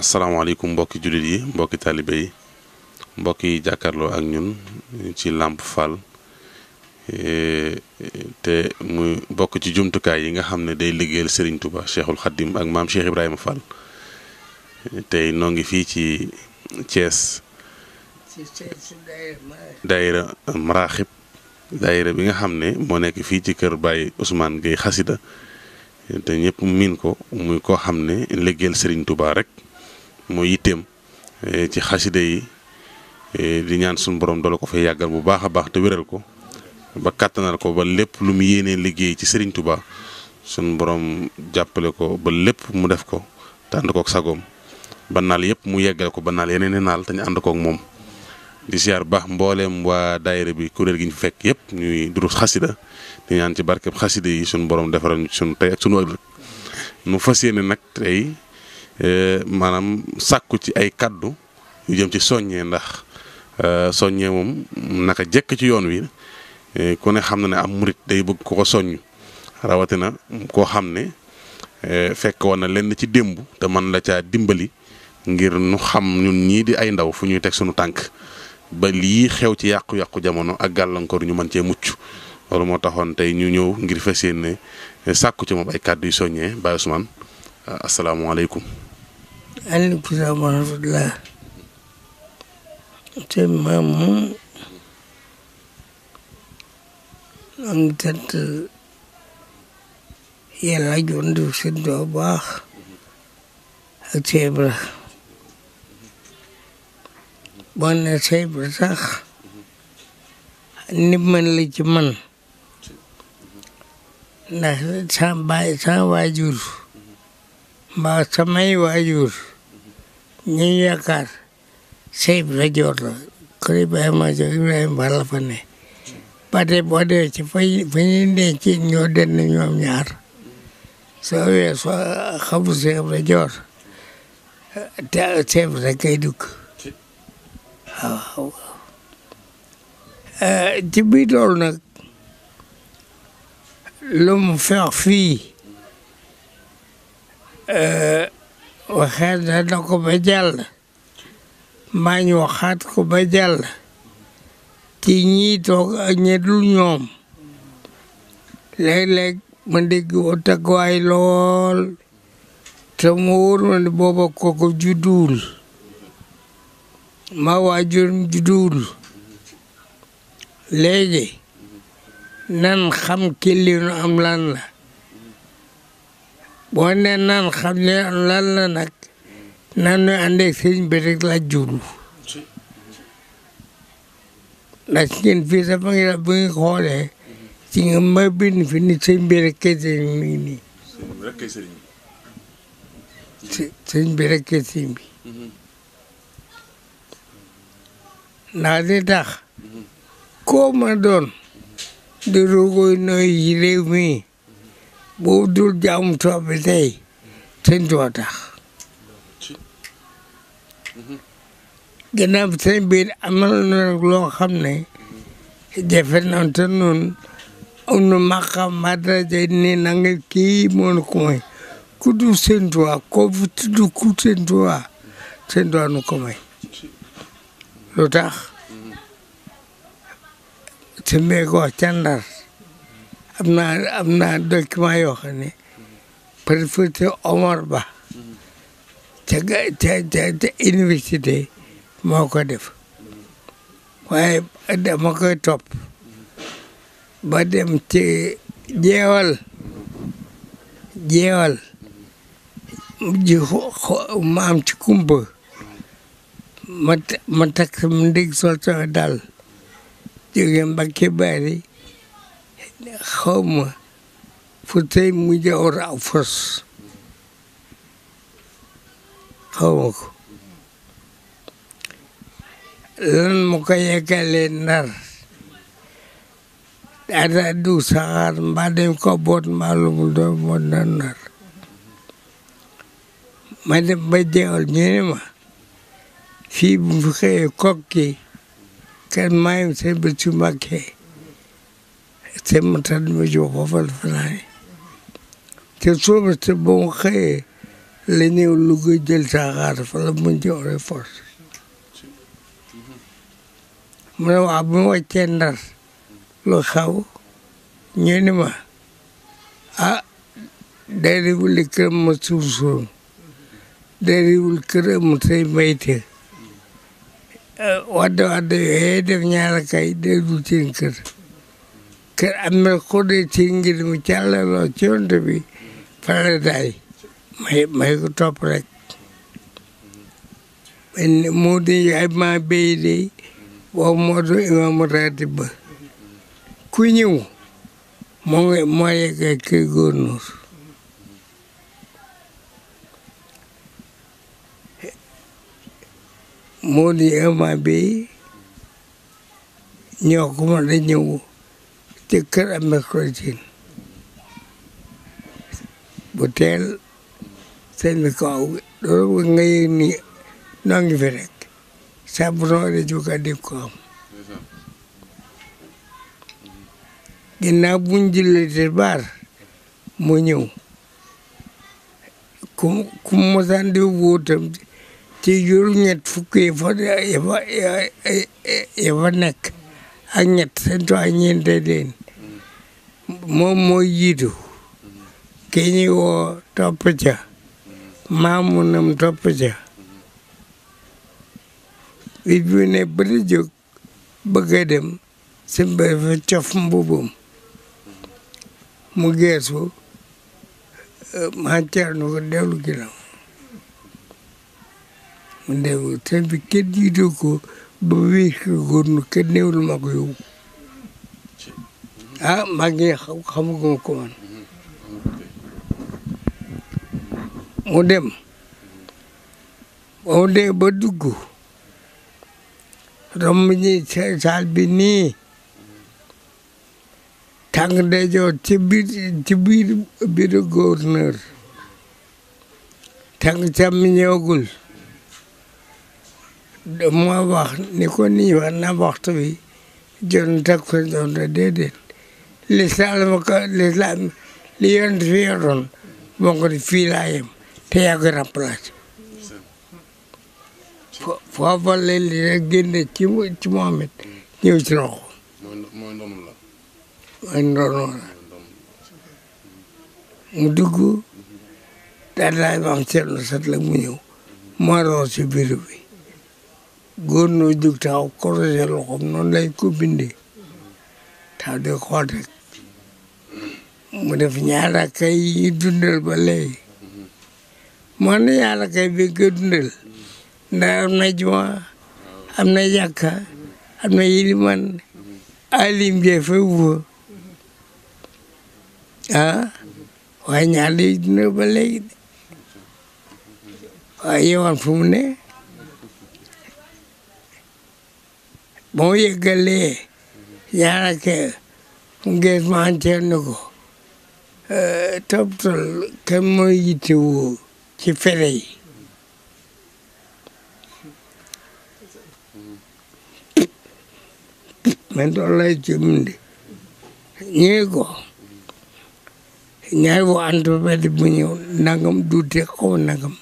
asalaamaaleykum mbokki jullit yi mbokki taalibe yi mbokk yi jàkkaarloo ak ñun ci làmp Fall e, te muy bokk ci jumtukaay yi nga xam ne day liggéey sëriñ tubaa Cheikhul Khadim ak maam Cheikh Ibrahima Fall tey noo ngi fii ci Thiès daayira Maraxib daayira bi nga xam ne moo nekk fii ci kër Baye Ousmane Gueye Xasida te ñëpp miin ko muy koo xam ne liggéeyal sëriñ tubaa rek. mooy yitteem eh, ci xasida yi eh, di ñaan suñu borom doola ko fay yàggal bu baax a baax te wéral ko ba kàttanal ko ba lépp lu mu yéenee liggéey ci Serigne Touba suñu borom jàppale ko ba lépp mu def ko te ànd kook sagoom ba naal yëpp mu yeggale ko ba naal yeneen i naal te ñu ànd kook moom. di siyaar baax mbooleem waa daayira bi kuréel gi ñu fekk yëpp ñuy durus xasida di ñaan ci barkeb xasida yi suñu borom defaral ñu sunu tey ak sunu ëllëg nu fas yéene nag tey. Eh, maanaam sàkku ci ay kàddu yu jëm ci soññee ndax eh, soññee moom naka jekk ci yoon wi eh, ku ne xam na ne am murit day bëgg ko soññ rawatina koo xam ne fekk woon na lenn ci démb te man la caa dimbali ngir nu xam ñun ñii di ay ndaw fu ñuy teg sunu tànk ba lii xew ci yàqu-yàqu jamono ak gàllankoor ñu mën cee mucc loolu moo taxoon tey ñu ñëw ngir fas ne sàkku ci moom ay kàddu yu soññee Baye Ousmane asalaamaaleykum alif kitaab wa rahmatullah te maam tëdd yàlla joon di séddoo baax ak ceebra boo ne ceebra sax ni man la ci man ndax sa samay waajur ñi yaakaar sëy bi la joor la kër Ba la ba tey boo dee ci fa fa ñuy denc ñoo denn ñoom ñaar soo weesoo xamu sëy bi la joor te sëy bi la kay dugg eh, nag lu fex fii eh, waxeet na ko ba jàll maañ waxaat ko ba jàll ci ñii toog ñoom léeg-léeg ma dégg wa tagwaay lool te mu wóor ma ne booba kooku ma waajurum judduwul léegi nan xam ki li am lan la boo nee naan xam ne lan la nag naan ñooy ànd ak sëriñ bi rek laa jublu ndax ñun fii sax ba nga bu nga ma bind fi ni sëriñ bi bi rek kay sëriñ mm-hmm. ma doon di rogoy nooy yi réew mii boo dul jaamu tubaab bi tey sëñ tax gannaaw sëñ bi amal na nag xam ne jafe na te noonu am na maqaam madraja ne na nga kii moo ku dul sëñ Tuubaa koo fi ku sëñ Tuubaa nu ko may lu tax sëñ bi am naa am naa document yoo xam ne Ba ca ca ca université moo ko def waaye dama koy topp ba dem ci jeewal jeewal ji maam ci kumba ma ma takk dal jóge Mbakke Bari xaw ma fu tey mujj a war a ko lan ma ko yeggalee nar ada du saxaar mbaa dañ ko boot mbaa lu mu doon boot na nar ma dem ba jeewal ñu ne ma fii bu fi xëyee kokki kan maayum seen bët su màkkee te matal ma jox ko fal fanaani te sooba te boo xëyee la ñëw jël saxaar fa la mu joxe force mu ne waa bu xaw ñu ma ah day riwul kër ma suuf suuf day riwul kër ma tey mayte wadde wadde def ñaara kay day dul kër kër am na ku dee ci ngir mu jàllaloo ci yonte bi fale daay may may ko topp rek moo di ay ma béy de waaw moo du imaamu raatib ba ku ñëw moo ngi moo yegg kër góornóor moo di ama béy ñoo ko mën ñëw sticker I'm a Christian. Hotel sen mi ko do ngay ni nangi fi rek sabro de juga def ko mm-hmm. ginnaaw buñ jëlee te baar mu ñëw ku ku mosaan di wóotam ci juróom-ñett fukki yi fa ya fa nekk ak ñett seen toog ñeente deen moom mooy jiitu ki ñuy woo topp ca maamu nam topp ca bi bu ne ba di bëgg a dem sëñ mbubum mu geesu maa ceernu ko dellu ginnaaw mu dellu sëñ bi kenn jiitu ko ba ma ko ah maa ngi xamaguma ko woon mu dem ba mu dee ba dugg romb ñi saal bi nii tàng day joor ci biir ci biir biiru gouverneur tàng càmm ñëwagul moo wax ni ko nii war na waxtu bi jot na teg ko doon déedéet lislaam ma ko lislaam li yonent fi yoroon moo ko di fii laa yem te yaa koy remplacé foofa la li rek génne ci ci Mohamed ñëw ci loxo mooy ndono la mu dugg daal daal maam seetlu sat la mu ñëw maaroo si biir bi góor noo jug taxaw korosé loxoom noonu lay ko bindee taw di xool rek mu def ñaata kay yi dundal ba léegi moo ne ñaata kay bi nga dundal ndax am na juma am na jàkka am na yiliman alim jee fa wuba ah waaye ñaata yi dundal ba léegi de waaye yewaan fu mu ne boo yëggalee ñaata kay mu gees ma anteel ni ko tawtal kan mooy yittewoo ci fere yi man loolu lay jëmindi ñii ko ñaay wo ànd ba benn bu ñëw nangam duute xaw nangam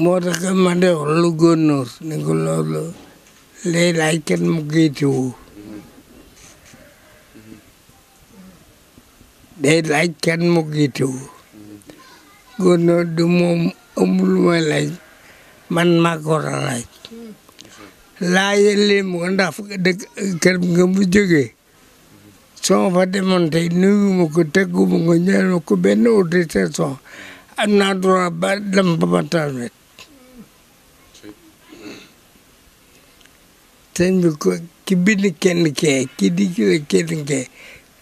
moo tax ma de wax lu góor noor ne ko loolu léeg kenn mu géete woo để lại chăn một cái chủ còn nó đúng ông ông lui lại man mà có ra lại lại lên muốn đáp được cái ngâm chứ gì so với cái món thấy nữ một cái tết của một người nhà một cái bên ô để thế so anh nói ra bắt làm bắt ta rồi thế mình có cái bên cái này cái cái đi cái cái này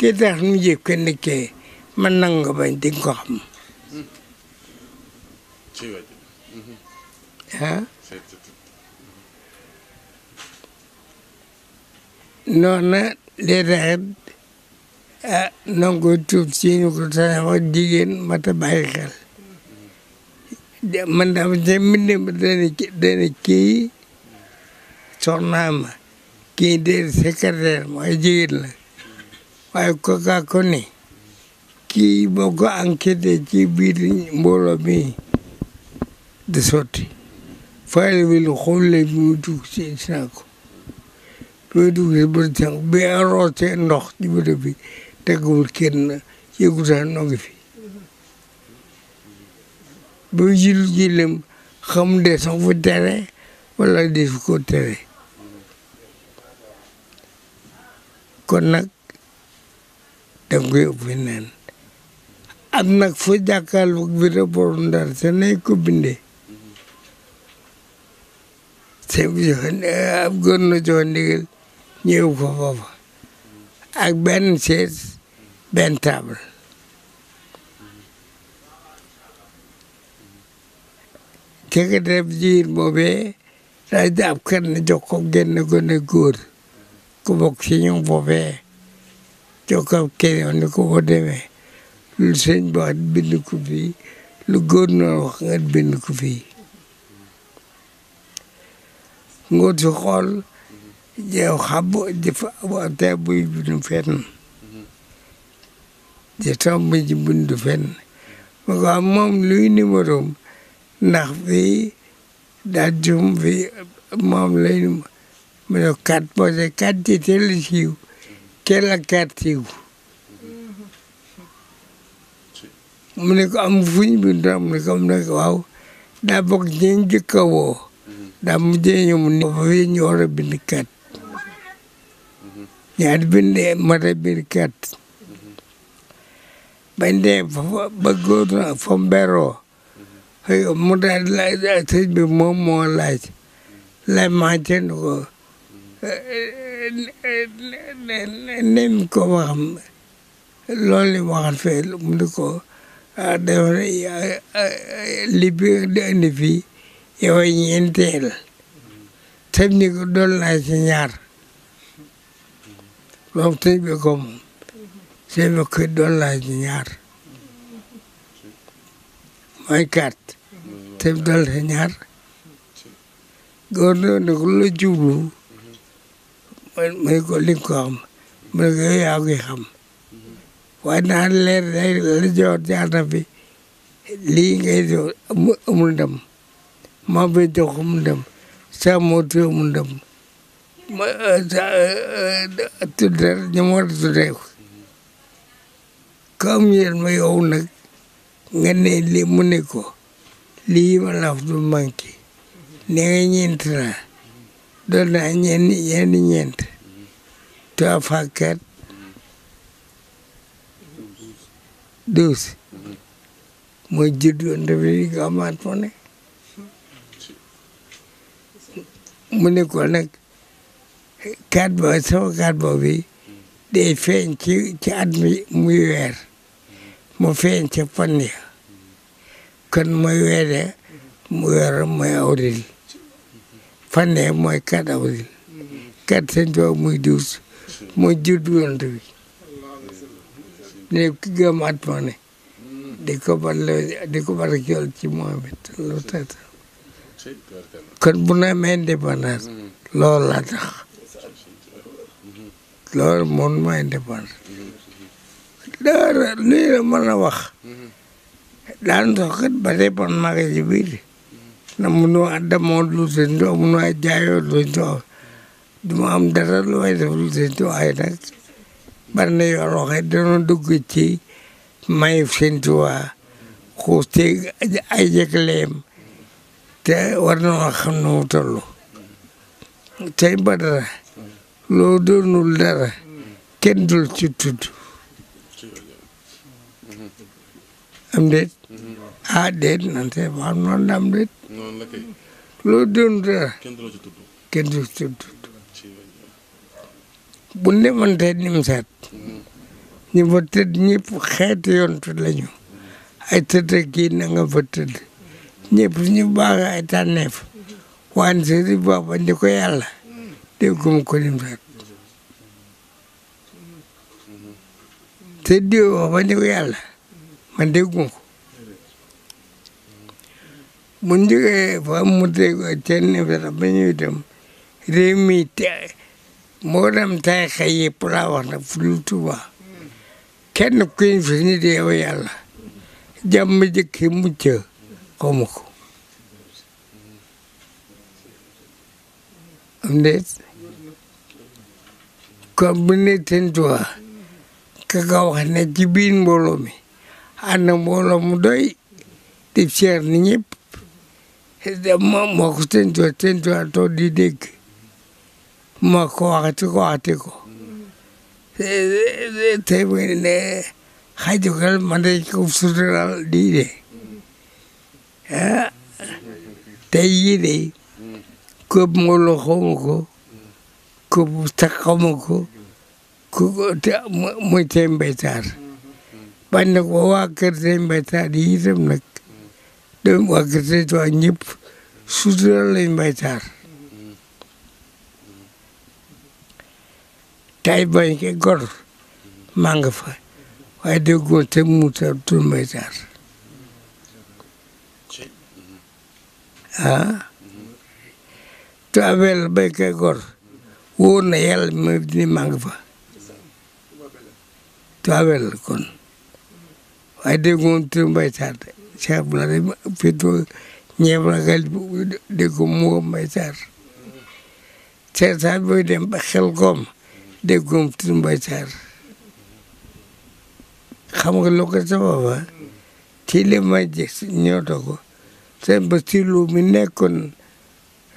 ki tax nu jëkk nekkee man nangu nga bañ di nga ko xam ah noona dee taxit ah noo ngi koy tuub si ñu ko sañoo ak jigéen mat a bàyyi xel man daal ca mbindee ma dana dana kii soxnaa ma kii dee secrétaire mooy jigéen la waaye kooka ko ne kii boo ko enquêté ci biir mbooloo mi de sotti faale bi lu xoolee bi mu dugg ci isna ko bi mu dugg bi aroote ndox ci bërëb bi teggul kenn yëgutaan noo ngi fi ba jilu jilem xam de sax fu tere wala def ko tere kon da nga koy ubbi neen ak nag foo jàkkaarloog bi da booru ndar te nay ko bindee te ab góor na jox ndigal ñëw ko foofa ak benn chaise benn table keke def jiir boobee daa jàpp kenn jox ko génn gone góor ku bokk ci ñoom boobee jox ko keneen ni ko boo demee lu sëñ bi wax bind ko lu góor noonu wax nga bind ko fii ngóor si xool yow xam dafa tey buy bindu fenn te tam bi ci bindu fenn ma ko am moom luy numéro ndax fii daa jum fii moom lay mu ne quatre posé quatre ci siiw Ừ. mình mình có có âm bên trong Kelakativo. Mune am fui bindra mune kam na kau da bok jenji kawo da mujenyo mune vini ora bindikat. Yad binde mara bindikat. Bende bagoro fombero. Hay mudad lai da thij bi lại lai. Lai machen ko. nem ko waxam loolu li waxal fee mu ne ko ah dama li biir di indi fii yow ni ko dool naa ci ñaar loolu tey bi ko moom tey bi ko dool naa ci ñaar mooy quatre tam dool ci ñaar góor na mu ne ko li ko xam mu ne ko yaa ngi xam waaye naa leer day la joor ci ànd bi lii ngay jox amul maa ngi jox amul ndam saa moo tudd amul ndam ma eh, eh, eh, ko comme yéen ma yow nag nga ne lii mu ne ko lii ma laaf du manqué ne nga ñeent naa doon naa ñenn yenn ñeent trois fois quatre douze mooy juddoon république amaat mu ne mu ne ko nag quatre boobu sama quatre boobu bi day feeñ ci ci at mi muy weer mu feeñ ca fan ya kon mooy weer mu weer mooy awril fan ne mooy 4 avril 4 sëñ muy diwus mooy juddu yonent bi ne ki gëm at ma ne di ko barkeel di ko barkeel ci Mohamed lu tata kon bu na amee indépendance loolu laa tax loolu moom ma indépendance dara lu ñu la a wax daan soxat ba dépend maa ngi ci mënoo addamoo lu sëñ Tuubaa mënoo jaayoo lu sëñ Tuubaa du ma am dara lu may def lu sëñ Tuubaa waaye nag bari na yoo xam ne dañoo dugg ci may sëñ Tuubaa te war na xam nu mu toll tey ba dara loo doonul dara kenn dul ci tudd am déet a ah, déet nante waaw noonu la am déet. loo doon dara. kenn du la ci tudd. kenn du ci tudd. bu nemoon tey nimsaat. ñi mm-hmm. fa tëdd ñëpp ay tëdd kii na nga fa tëdd. ñëpp ay tànneef. waan si di baax ba ni ko yàlla. déggum te diw ba ni ko yàlla. man déggum bu ñu jógee fa mu déggoo seen nefere ba ñuy dem réew mi te mboolem tarixa yëpp laa wax na fu dul Tuuba kenn kuy fi ñu di yow yàlla jàmm jëkki mucc xawma ko am déet kon bu ne seen Tuuba ka wax ne ci biir mbooloo mi ànd mbooloo mu doy di seer ni ñëpp ma moo ko tëntuwa tëntuwa too di dégg ma ko waxati ko waxati ko e, e, e, tey bu ngeen ne xajugal man ko sutural di de ah tey jii de ko mbooloo xawma ko ko muy tey mbéytaar bañ ko waa kër tey mbéytaar yi itam nag dem waa kër Sëñ Tuubaa ñëpp sutura lañ may taar tay bañ ke gor maa nga fa waaye déggoon te mu taar tun may taar ah to abel bañ ke gor wóor na yàlla ma ni maa nga fa to abel kon waaye déggoon te may taar de Cheikh Abdoulaye Fito Niébla Khali dégg ko mu woo Mbaye Sarr Cheikh Sarr booy dem ba xel koom dégg ko mu tudd Mbaye Sarr xam nga loo ko sababa ci li may gis ñëwatoo ko seen ba silo mi nekkoon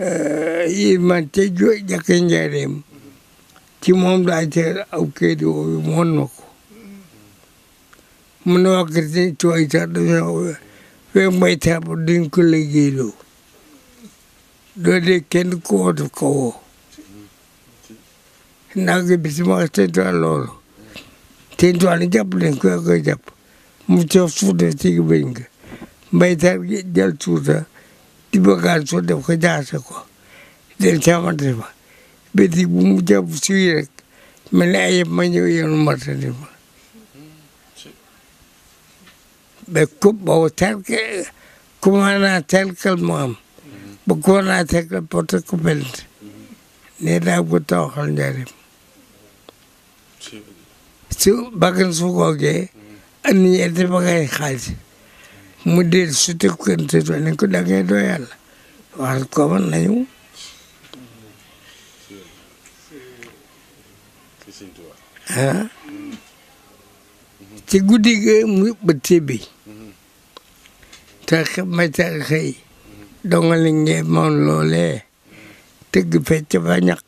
eh, man ca jo jàkkee njaareem moom daa cee aw kayit woowu mu woon mnawakitin cuaca yang mai tabu din kulegi lo dole ken ko to ko nagi bisma te to lo te to ani jap le ko ko jap mu to fu de ti bing mai ta jal tu da ti ba ka so de ko ja ko de ta ma de ba be ti mu jap su ye me ma yo yo ma te ba mais coupe boobu tel que commandant tel que mu am bu commandant tel que porte coupelite nii daa bu tooxal njëriñ su bakkan su googee andi ñetti bagay xaalis mu dee suti kër te ne ko da ngay doo yàlla wax ko man nañu ah ci guddi gi mu bëtte bi te macar xëy dongale ngee moon loolee tëgg fecc fa ñaq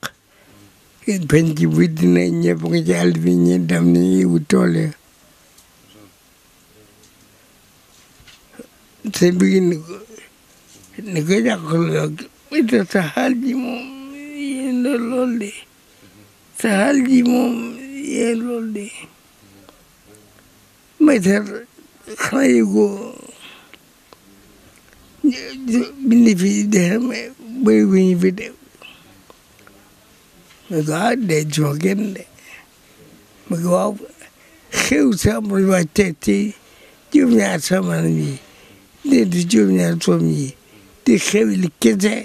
penc bi dina ñëpp nga ci àll bi ñi ni yiwu tool ya te bigi ni ko ni ko jàqloo sa xaal moom yéen loolu de sa xaal moom yéen loolu de Maytar xanaa yëgoo bindi fi dee bëri wu ñu fi dee mais ah dee joo gën de mais waaw xew sa amul waa tey tey juróom-ñaar sama yi dee di juróom-ñaar doom yi di xew li kese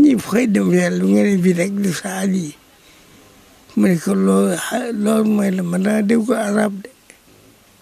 ñi xëy dem yàlla ngeen fi rek di saa yi mu ne ko loolu ah, loolu la mën naa dégg ko arab de.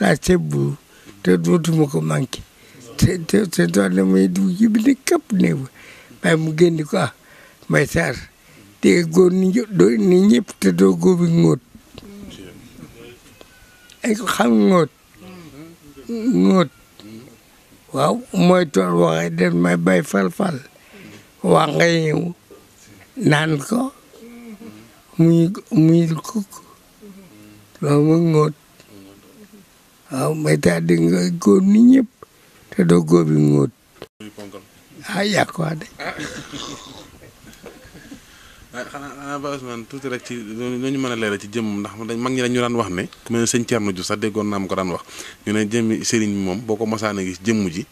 laa ah, tebbu te dootuma ko manqué te te te doon na may dugg ji bi ne képp néew waaye mu génn ko ah may saar te góor ni ñëpp te doo góobi ngóot ay ko xam ngóot ngóot waaw mooy tool waxee den may bay fal-fal wax ngay ñëw naan ko muy muy kuk loolu mooy ngóot waaw may taa di nga góob ni ñëpp te doo góob yi ngóot ah yàqu waa de. Ah. Ah, xanaa ba tuuti rek ci lu ñu mën a leeral ci jëmm ndax dañ mag ñi dañu daan wax ne ku mel ne sëñ Thierno Diouf sax déggoon naa mu ko daan wax ñu ne jëmmi sëriñ bi moom boo ko mosaan a gis jëmm ji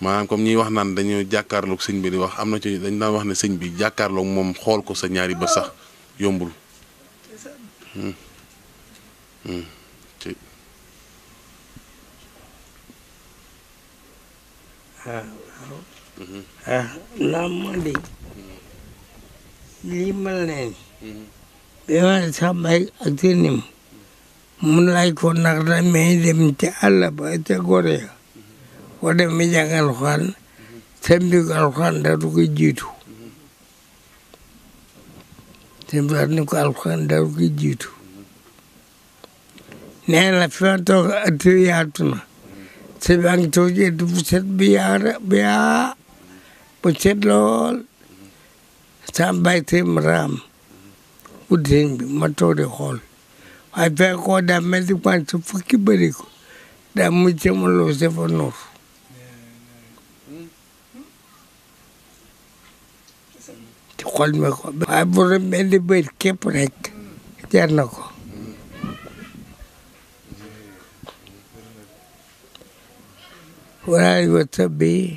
maanaam comme ñuy wax naan dañu jàkkaarloog sëñ bi di wax am na ci dañ daan wax ne sëñ bi jàkkaarloog moom xool ko sa ñaari bët sax yombul. Hmm. Hmm. waaw waaw ah. ah. laa ma di ma leen bi ma sax bay ak sënim mun laaj ko nag damay dem ca àll ba gore ya mm-hmm. wa deme jàng alxuraan sembik mm-hmm. alxuraan daatu ko jiitu sembik mm-hmm. ni ko alxuraan daatu ko jiitu nee na fi ma toog at yaatu sëñ baa ngi toog yéen bu set bi yaa bi bu set lool saa mbay tey raam ut ma toog di xool waaye fekk koo daa mel ni man su fukki bëri ko daa mu jëm loo sefa nuur ci xool mi ko waaye bu doon mel ni bëri képp rek jar na ko wala yu tabi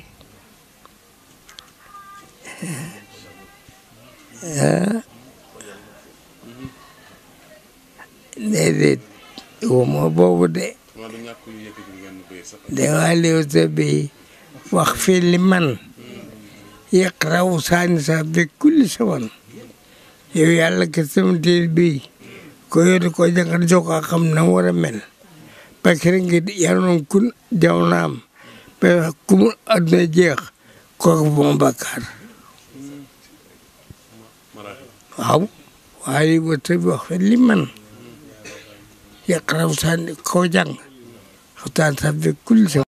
déedéet wuma boobu de de wala yu tabi wax fii li man yaqraw saani sax bi kulli sawan yow yàlla ke sama téere bii ko yóotu ko jàngat jokkoo xam na war a mel parce que ngir yaroon kun jaw mais ku mu àdduna jeex kooku moom bàkkaar waaw waaye wata bi wax fe li man yàqaraw taan koo jàng xawtaan sabbe